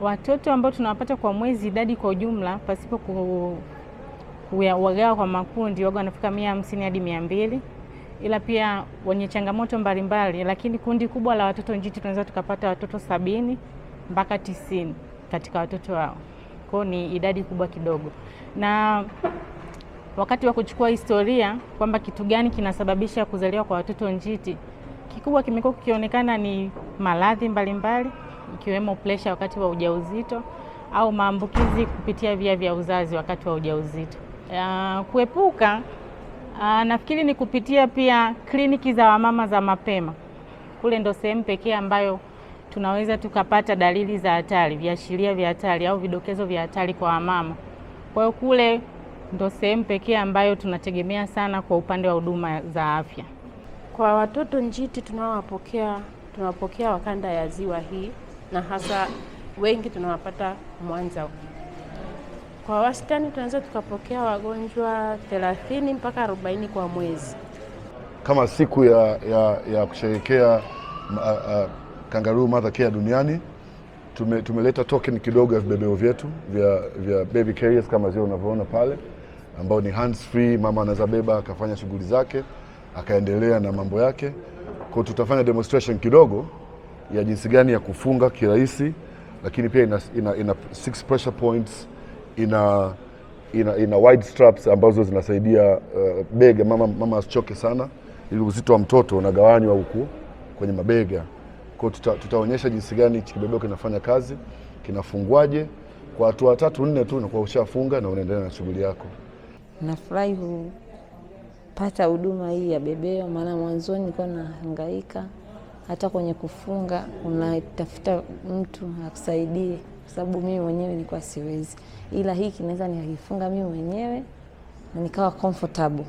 Watoto ambao tunawapata kwa mwezi, idadi kwa ujumla pasipo kuwagawa wagawa kwa makundi, waga wanafika mia hamsini hadi mia mbili ila pia wenye changamoto mbalimbali mbali, lakini kundi kubwa la watoto njiti tunaweza tukapata watoto sabini mpaka tisini katika watoto wao. Kwao ni idadi kubwa kidogo, na wakati wa kuchukua historia kwamba kitu gani kinasababisha kuzaliwa kwa watoto njiti, kikubwa kimekuwa kikionekana ni maradhi mbalimbali ikiwemo presha wakati wa ujauzito au maambukizi kupitia via vya uzazi wakati wa ujauzito. Uh, kuepuka uh, nafikiri ni kupitia pia kliniki za wamama za mapema. Kule ndo sehemu pekee ambayo tunaweza tukapata dalili za hatari, viashiria vya hatari au vidokezo vya hatari kwa wamama. Kwa hiyo kule ndo sehemu pekee ambayo tunategemea sana kwa upande wa huduma za afya. Kwa watoto njiti tunawapokea, tunawapokea wakanda ya ziwa hii na hasa wengi tunawapata Mwanza. Kwa wastani tunaweza tukapokea wagonjwa 30 mpaka 40 kwa mwezi. Kama siku ya, ya, ya kusherehekea Kangaroo Mother Care duniani tume, tumeleta token kidogo ya vibebeo vyetu vya, vya baby carriers kama zile unavyoona pale, ambao ni hands free, mama anaweza beba akafanya shughuli zake akaendelea na mambo yake. Kwa tutafanya demonstration kidogo ya jinsi gani ya kufunga kirahisi, lakini pia ina, ina, ina six pressure points, ina, ina, ina wide straps ambazo zinasaidia uh, bega mama, mama asichoke sana, ili uzito wa mtoto unagawanywa huku kwenye mabega. Kwa tuta, tutaonyesha jinsi gani kibebeo kinafanya kazi, kinafungwaje kwa hatua tatu nne tu, unakuwa ushafunga na unaendelea na shughuli yako. Nafurahi kupata huduma hii ya bebeo, maana mwanzoni nilikuwa nahangaika hata kwenye kufunga unatafuta mtu akusaidie, kwa sababu mimi mwenyewe nilikuwa siwezi, ila hiki naweza nikakifunga mimi mwenyewe na nikawa comfortable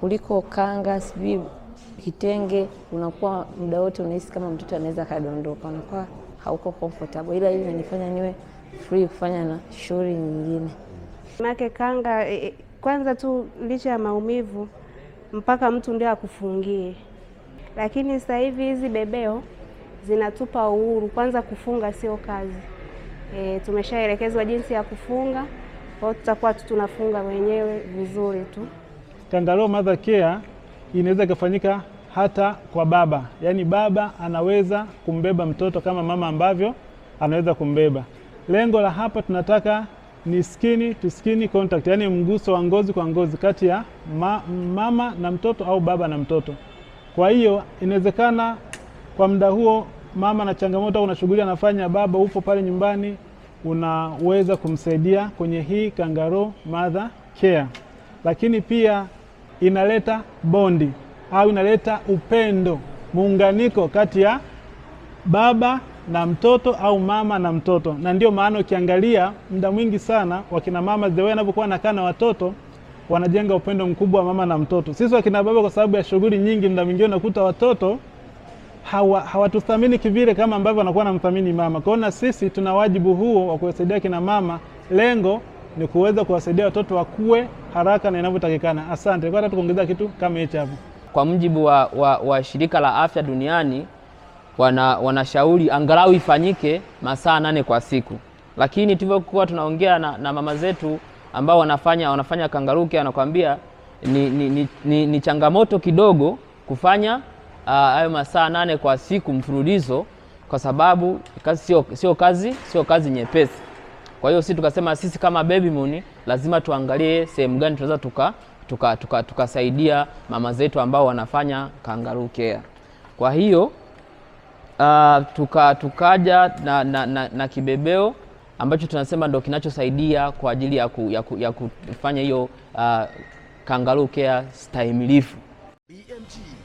kuliko kanga, sijui kitenge. Unakuwa muda wote unahisi kama mtoto anaweza kadondoka, unakuwa hauko comfortable, ila hii inanifanya niwe free kufanya na shughuli nyingine. Make kanga eh, eh, kwanza tu licha ya maumivu, mpaka mtu ndio akufungie lakini sasa hivi hizi bebeo zinatupa uhuru. Kwanza kufunga sio kazi e, tumeshaelekezwa jinsi ya kufunga, kwa hiyo tutakuwa tu tunafunga wenyewe vizuri tu. Tandarao Mother Care inaweza ikafanyika hata kwa baba, yaani baba anaweza kumbeba mtoto kama mama ambavyo anaweza kumbeba. Lengo la hapa tunataka ni skin to skin contact, yaani mguso wa ngozi kwa ngozi kati ya ma mama na mtoto au baba na mtoto. Kwa hiyo inawezekana kwa muda huo mama na changamoto au na shughuli anafanya, baba upo pale nyumbani, unaweza kumsaidia kwenye hii kangaroo mother care. Lakini pia inaleta bondi au inaleta upendo, muunganiko kati ya baba na mtoto au mama na mtoto, na ndio maana ukiangalia muda mwingi sana wakina mama the way anavyokuwa anakaa na watoto wanajenga upendo mkubwa wa mama na mtoto. Sisi wakina baba, kwa sababu ya shughuli nyingi, mda mwingine unakuta watoto hawa hawatuthamini kivile kama ambavyo wanakuwa wanamthamini mama. Kwa hiyo na sisi tuna wajibu huo wa kuwasaidia kina mama, lengo ni kuweza kuwasaidia watoto wakue haraka na inavyotakikana. Asante kwa hata tukuongezea kitu kama hicho hapo. Kwa mujibu wa, wa, wa shirika la afya duniani wana wanashauri angalau ifanyike masaa nane kwa siku, lakini tulivyokuwa tunaongea na, na mama zetu ambao wanafanya wanafanya kangaruke, anakwambia ni, ni, ni, ni, ni changamoto kidogo kufanya ah, hayo uh, masaa nane kwa siku mfululizo, kwa sababu kazi sio sio kazi sio kazi nyepesi. Kwa hiyo sisi tukasema sisi kama Baby Moon lazima tuangalie sehemu gani tunaweza tuka tukasaidia tuka, tuka mama zetu ambao wanafanya kangaroo care. Kwa hiyo uh, tuka tukaja na, na, na, na kibebeo ambacho tunasema ndo kinachosaidia kwa ajili ya, ku, ya, ku, ya kufanya hiyo uh, kangaroo care stahimilifu BMG.